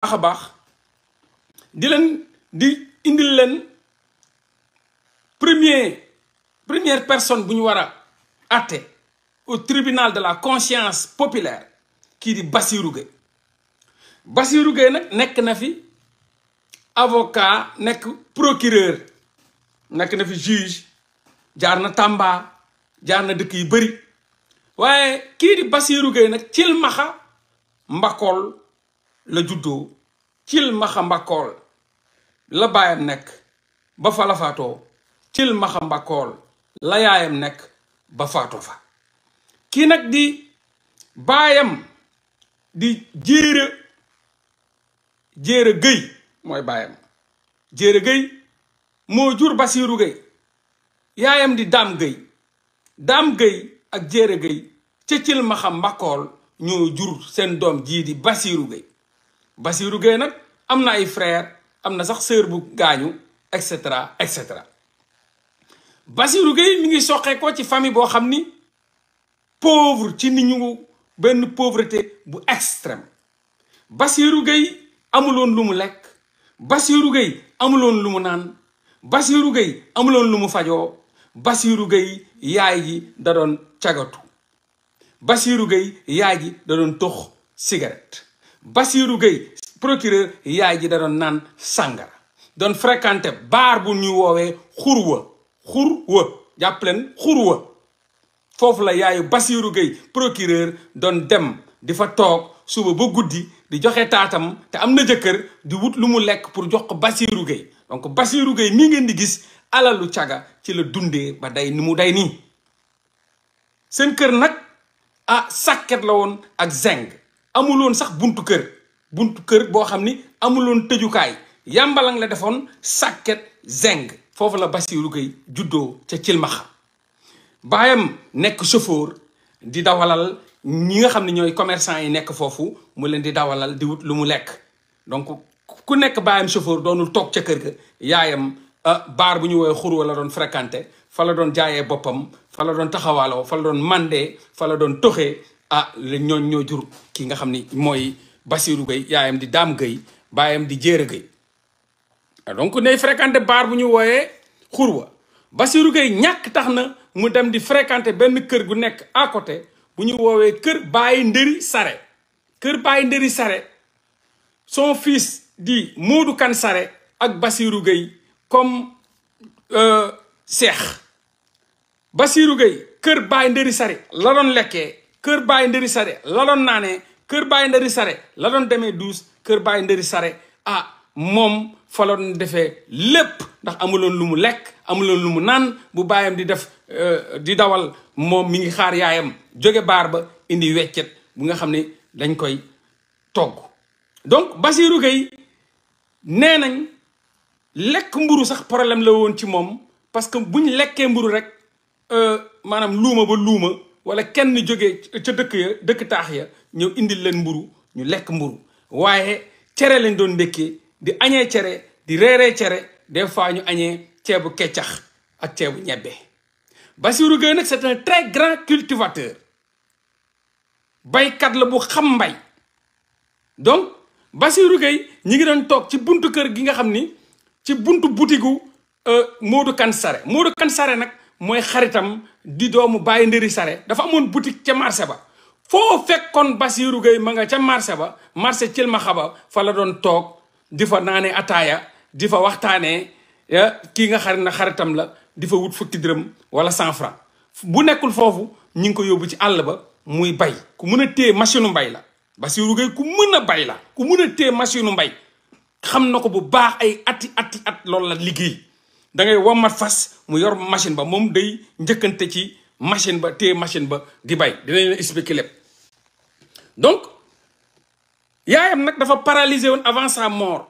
baax a baax di leen di indil leen premier première personne bu ñu war a àtte au tribunal de la conscience populaire kii di Bassirou Gueye Bassirou Gueye nag nekk na fi avocat nekk procureur nekk na fi juge jaar na Tamba jaar na dëkk yu bëri waaye kii di Bassirou Gueye nag cilmaxa mbakool la juddoo cil maxa mbakkool la baayam nekk ba fa la faatoo cil maxa la yaayam nekk ba faatoo fa kii nag di baayam di jéera jéera géy mooy baayam jéera géy moo jur basiiru géy yaayam di daam géy daam géy ak jéera géy ca cil maxa ñoo jur seen doom jii di basiiru géy bassiru Gueye nag am na ay frère am na sax sœur bu gaañu et cetera et cetera Bassirou Gueye ngi soqee ko ci famille boo xam ni pauvre ci nit ñu benn pauvreté bu extrême Bassirou Gueye amuloon lu mu lekk Bassirou Gueye amuloon lu mu naan Bassirou Gueye amuloon lu mu fajoo Bassirou Gueye yaay ji da doon cagatu bassiru Gueye yaay ji da doon tox cigarette Bassirou Gueye procureur yaay ji da doon naan sàngara doon fréquenté baar bu ñu woowee xurwa xurwa jàpp leen xurwa foofu la yaayu Bassirou Gueye procureur doon dem di fa toog suba ba guddi di joxe taatam te am na jëkkër di wut lu mu lekk pour jox ko Bassirou Gueye donc Bassirou Gueye mii ngeen di gis alalu caga ci la dundee ba day ni mu day nii seen kër nag ah sàkket la woon ak zeng amuloon sax buntu kër buntu kër boo xam ni amuloon tëjukaay yàmbalang la defoon sàkket zeng foofu la Bassirou Gueye juddoo ca Cilmaxa baayam nekk chauffeur di dawalal ñi nga xam ne ñooy commerçant yi nekk foofu mu leen di dawalal di wut lu mu lekk donc ku nekk baayam chauffeur doonul toog ca kër ga yaayam ah, baar bu ñu woowee xur la doon fréquenté fa la doon jaayee boppam fa la doon taxawaaloo fa la doon mandee fa la doon toxee ah ñooñ ñoo jur ki nga xam ni mooy Bassirou Gueye yaayam di Dame Gueye baayam di Diéré Gueye ah, donc nay fréquenté baar bu ñu wooyee xurwa Bassirou Gueye ñàkk tax na mu dem di fréquenté benn kër gu nekk à côté bu ñu woowee kër Baye Ndëri Sare kër baay Ndëri Sare soo fils di Modou kan Sare ak Bassirou Gueye comme seex euh, Bassirou Gueye kër Baye Ndëri Sare la doon lekkee kër Baye Ndëri Sare la doon naanee kër Baye Ndari Sare la doon demee douze kër Baye Ndari Sare ah moom fa la doon defee lépp ndax amuloon lu mu lekk amuloon lu mu naan bu baayam di def euh, di dawal moom mi ngi xaar yaayam jóge baar ba indi weccet bu nga xam ne dañ koy togg donc Basirou Gueye nee nañ lekk mburu sax problème la woon ci moom parce que buñ lekkee mburu rek euh, maanaam luuma ba luuma wala kenn jóge ca dëkk ya dëkk taax ya ñëw indil leen mburu ñu lekk mburu waaye cere lañ doon ndekkee di añee cere di reeree cere des fois ñu añee ceebu keccax ak ceebu ñebbe Bassirou Gueye nag c'est un très grand cultivateur baykat la bu xam mbay donc Bassirou Gueye ñi ngi doon toog ci buntu kër gi nga xam ni ci buntu butigu euh, Modou kan Sare Modou kan Sare nag mooy xaritam di doomu Baye Ndëri Sare dafa amoon boutique ca marché ba foo fekkoon Basiirou Gueye ma nga ca marché ba marché Thilma Xaba fa la doon toog di fa naanee ataaya di fa waxtaanee kii nga xarit na xaritam la di fa wut fukki dërëm wala cent franc bu nekkul foofu ñi ngi ko yóbbu ci àll ba muy bay ku mën a téye machine mbay la Basiirou Gueye ku mën a bay la ku mën a téye machine mbay xam na ko bu baax ay ati ati at loolu la liggéey da ngay wommat fas mu yor machine ba moom day njëkkante ci machine ba téye machine ba di bay dinañ la expliquer lépp donc yaayam nag dafa paralysé woon avant sa mort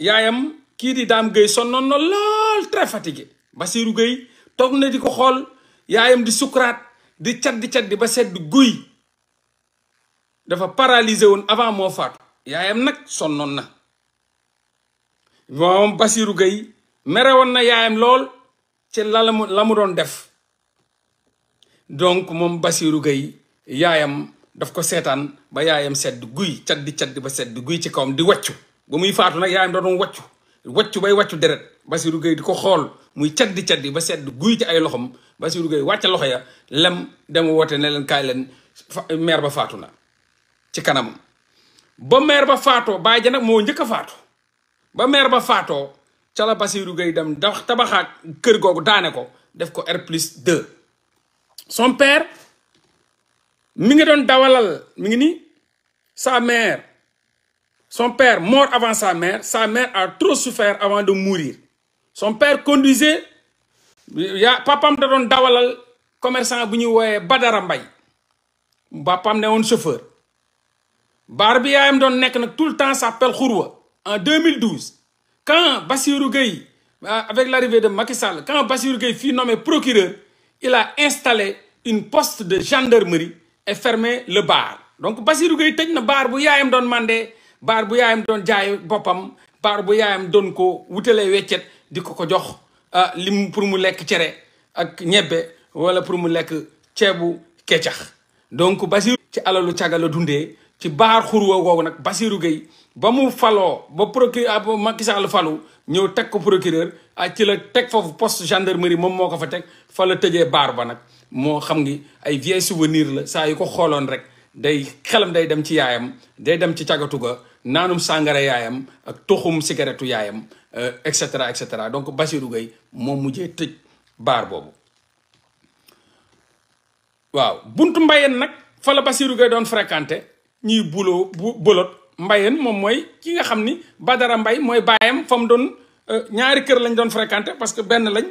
yaayam kii di Dame Gueye sonnoon na lool très fatigué Bassirou Gueye toog na di ko xool yaayam di sukuraat di caddi caddi ba sedd guy dafa paralysé woon avant moo faatu yaayam nag sonnoon na moom Bassirou Gueye mere woon na yaayam lool ci la la mu doon def donc moom Bassirou Gueye yaayam daf ko seetaan ba yaayam sedd guy caddi caddi ba sedd guy ci kawam di waccu ba muy faatu nag yaayam doon waccu waccu bay waccu deret Basirou Gueye di ko xool muy caddi caddi ba sedd guy ci ay loxom Basirou Gueye wàcce loxo ya lem dem woote ne leen kaay leen meer ba faatu na ci kanam ba meer ba faatoo baay ja nag moo njëkk a faatu ba meer ba faatoo ca la Basirou Gueye dem dax tabaxaat kër googu daane ko def ko R plus 2 son mi ngi doon dawalal mi ngi nii sa maire son père mort avant sa maire sa mère a trop souffert avant de mourir son père conduisait yaa papam da doon dawalal commerçant bu ñuy wooyee Badara Mbaye bappam ne woon chauffeur baar bi yaayam doon nekk nag tout le temps s'appelle Khourwa en 2012 quand Bassirou Gueye ah, avec l'arrivée de Macky Sall quand Bassirou Gueye fut nommé procureur il a installé une poste de gendarmerie et fermer le bar donc Bassirou Gueye tëj na baar bu yaayam doon mandé baar bu yaayam doon jaay boppam baar bu yaayam doon ko wutalee weccet di ko ko jox ah, lim pour mu lekk cere ak ñebbe wala pour mu lekk ceebu kecax donc Bassirou ci alalu caga dundee ci baar xurwa woowu nag Bassirou Gueye ba mu faloo ba procureur ah, Macky Sall falu ñëw teg ko procureur a ah, ci la teg foofu poste gendarmerie moom moo ko fa teg fa la tëjee baar ba nag moo xam ngi ay vieil souvenir la saa yu ko xooloon rek day xelam day dem ci yaayam day dem ci cagatu ga naanum sàngara yaayam ak toxum cigarettu yaayam euh, et cetera et cetera donc Bassirou Gueye moom mujjee tëj baar boobu waaw buntu mbayeen nag fa la Bassirou Gueye doon fréquenté ñi buloo bu bolot mbayeen moom mooy kii nga xam ni ba dara Mbay mooy baayam fa mu doon euh, ñaari kër lañ doon fréquenté parce que benn lañ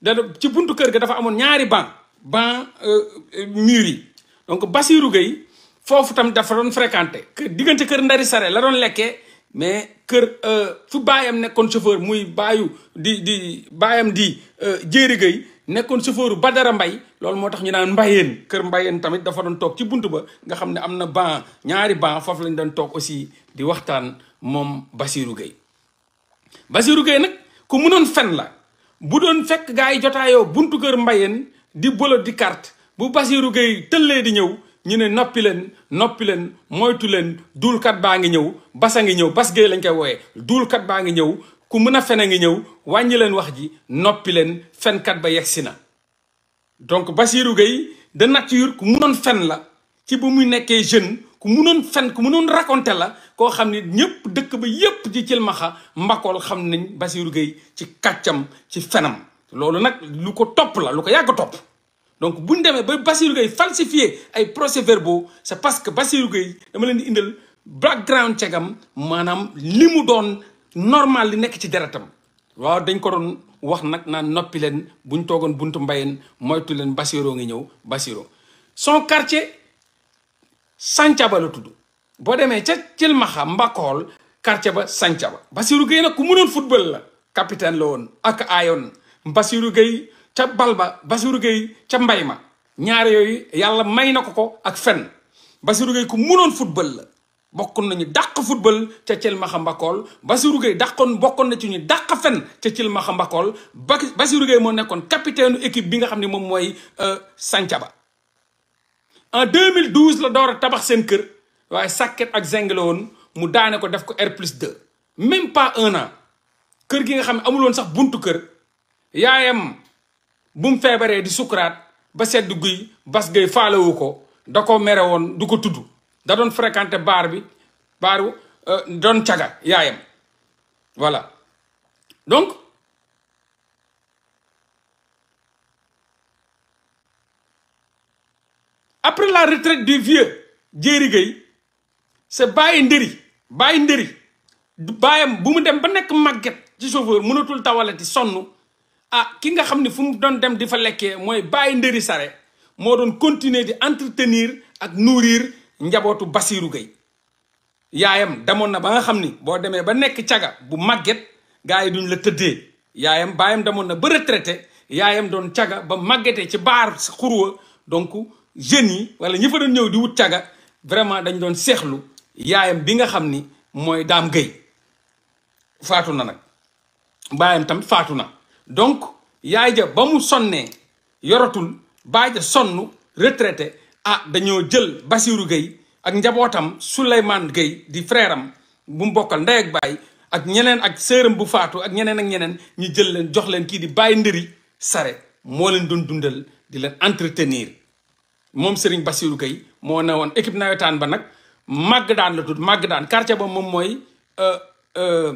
da ci buntu kër ga dafa amoon ñaari banc ban euh, euh, mur yi donc Bassirou géey foofu tamit dafa doon fréquenté kër diggante kër Ndari Sare la doon lekkee mais kër euh, fu baayam nekkoon chauffeur muy baayu di di baayam di Jéeri géey nekkoon ba dara Mbay loolu moo tax ñu naan mbayeen kër mbayeen tamit dafa doon toog ci bunt ba nga xam ne am na ban ñaari ban foofu lañ doon toog aussi di waxtaan moom Bassirou Gueye Bassirou Gueye nag ku mënoon fen la bu doon fekk gaa yi jotaayoo buntu kër mbayeen di bolo di carte bu Bassirou Gueye tëllee di ñëw ñu ne noppi leen noppi leen moytu leen duulkat baa ngi ñëw basa ngi ñëw Bass Gueye lañ koy wooyee duulkat baa ngi ñëw ku mën a fen a ngi ñëw wàññi leen wax ji noppi leen fenkat ba yegsi na donc Bassirou Gueye de nature ku munoon fen la ci ba muy nekkee jeune ku munoon fen ku munoon raconté la koo xam ne ñëpp dëkk ba yépp ci cilmaxa mbakool xam nañ Bassirou Gueye ci kàccam ci fenam loolu nag lu ko topp la lu ko yàgg topp donc bu ñu demee ba Bassirou Gueye falsifier ay procès verbaux c'est parce que Bassirou Gueye dama leen di indal background cegam maanaam li mu doon normal li nekk ci deretam waaw dañ ko doon wax nag naan noppi leen bu ñu toogoon buntu mbayeen moytu leen Bassiroo ngi ñëw Bassiroo son quartier Santhiaba la tudd boo demee ca Cilmaxa Mbakool quartier ba Santhiaba Bassirou Gueye nag ku mënoon football la capitaine la woon ak aayoon Bassirou Gueye ca Balba Bassirou Gueye ca mbay ma ñaar yooyu yàlla may na ko ko ak fenn Bassirou Gueye ku munoon football la bokkoon nañu dàq football ca Thiel Maxambakool Bassirou Gueye dàqoon bokkoon na ci ñu dàq fenn ca Thiel Maxambakool ba Bassirou moo nekkoon capitaine équipe bi nga xam ni moom mooy euh, ba en 2012 la door a tabax seen kër waaye sàkket ak zeng woon mu daane ko def ko R plus 2 même pas un an kër gi nga xam ne amuloon sax buntu kër. yaayam bu feebaree di sukuraat ba sedd guy bas gay faalewu ko da ko mere woon du ko tudd da doon fréquenté baar bi baaru euh, doon caga yaayam voilà donc après la retraite du vieux Jéeri Gueye c'est bàyyi ndëri bàyyi ndëri baayam bu mu dem ba nekk màgget ci chauffeur mënatul tawalati sonn ah ki nga xam ne fu mu doon dem di fa lekkee mooy bàyyi ndëri sare moo doon continuer di entretenir ak nourrir njabootu Basirou Gueye yaayam demoon na ba nga xam ni boo demee ba nekk caga bu màgget gaa yi duñ la tëddee yaayam baayam demoon na ba retraité yaayam doon caga ba màggetee ci baar xurwa donc jeunes yi wala ñi fa doon ñëw di wut caga vraiment dañ doon seexlu yaayam bi nga xam ni mooy daam Gueye faatu na nag baayam tam faatu na donc yaay ja ba mu sonnee yoratul baay ja sonn retraité ah dañoo jël Basirou Gueye ak njabootam Souleymane Gueye di frère bu mu bokkal ndey ak baay ak ñeneen ak séeram bu faatu ak ñeneen ak ñeneen ñu jël leen jox leen kii di bàyyi ndëri sare moo leen doon dundal di leen entretenir moom Serigne Bassirou Gueye moo ne woon équipe wetaan ba nag màgg daan la tudd màgg daan quartier ba moom mooy euh, euh,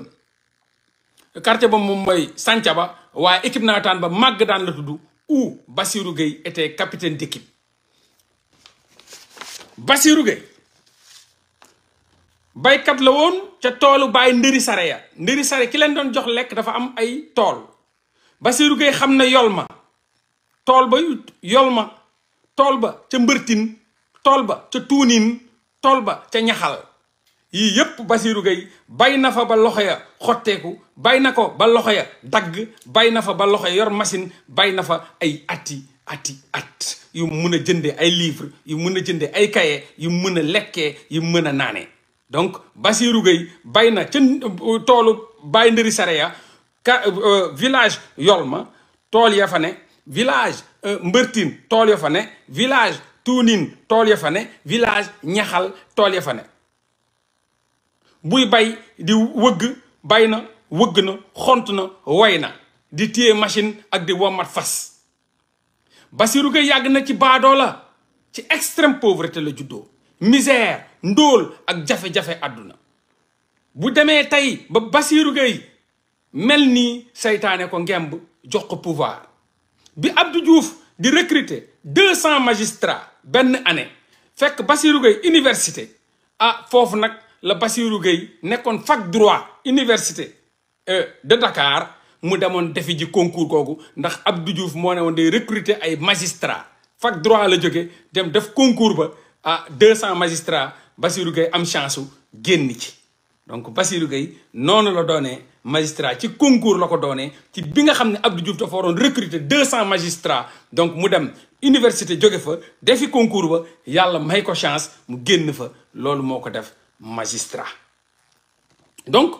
quartier ba moom mooy Santhiaba waaye équipe nawetaan ba màgg daan la tudd ou Bassirou Gueye était capitaine d'équipe Bassirou Gueye baykat la woon ca toolu bàyyi ndëri sare ya ndëri sare ki leen doon jox lekk dafa am ay tool Bassirou Gueye xam na yol ma tool ba yol ma tool ba ca mbërtin tool ba ca tuunin tool ba ca ñaxal yii yépp Basirou Gueye bay na fa ba loxo ya xotteeku bay na ko ba loxo ya dagg bay na fa ba loxo ya yor machine bay na fa ay ati ati at yu mun a jënde ay livre yu mun a jëndee ay kaye yu mun a lekkee yu mën a naanee donc Basirou Gueye bay na ca toolu bay ndëri sareya ka euh, village Yolma tool ya fa ne village euh, Mbërtin tool ya fa ne village Tuunin tool ya fa ne village Ñaxal tool ya fa ne buy bay di wëgg bay na wëgg na xont na way na di téye machine ak di wommat fas Bassirou Gueye yàgg na ci baadoo la ci extrême pauvreté la juddoo misère ndóol ak jafe-jafe àdduna bu demee tey ba Bassirou Gueye mel nii seytaane ko ngemb jox ko pouvoir bi Abdou Diouf di recrité deux cent magistrats benn année fekk Bassirou Gueye université ah foofu nag la Bassirou Gueye nekkoon fac droit université euh, de Dakar mu demoon defi ji concours kooku ndax Abdou Diouf moo ne woon day recruter ay magistrats fac droit la jóge dem def concours ba à deux cent magistrats Bassirou Gueye am chance génn ci donc Bassirou Gueye noonu la doonee magistrat ci concours la ko doonee ci bi nga xam ne Abdou Diouf dafa waroon recruter deux cent magistrats donc mu dem université jóge fa defi concours ba yàlla may ko chance mu génn fa loolu moo ko def magistrat donc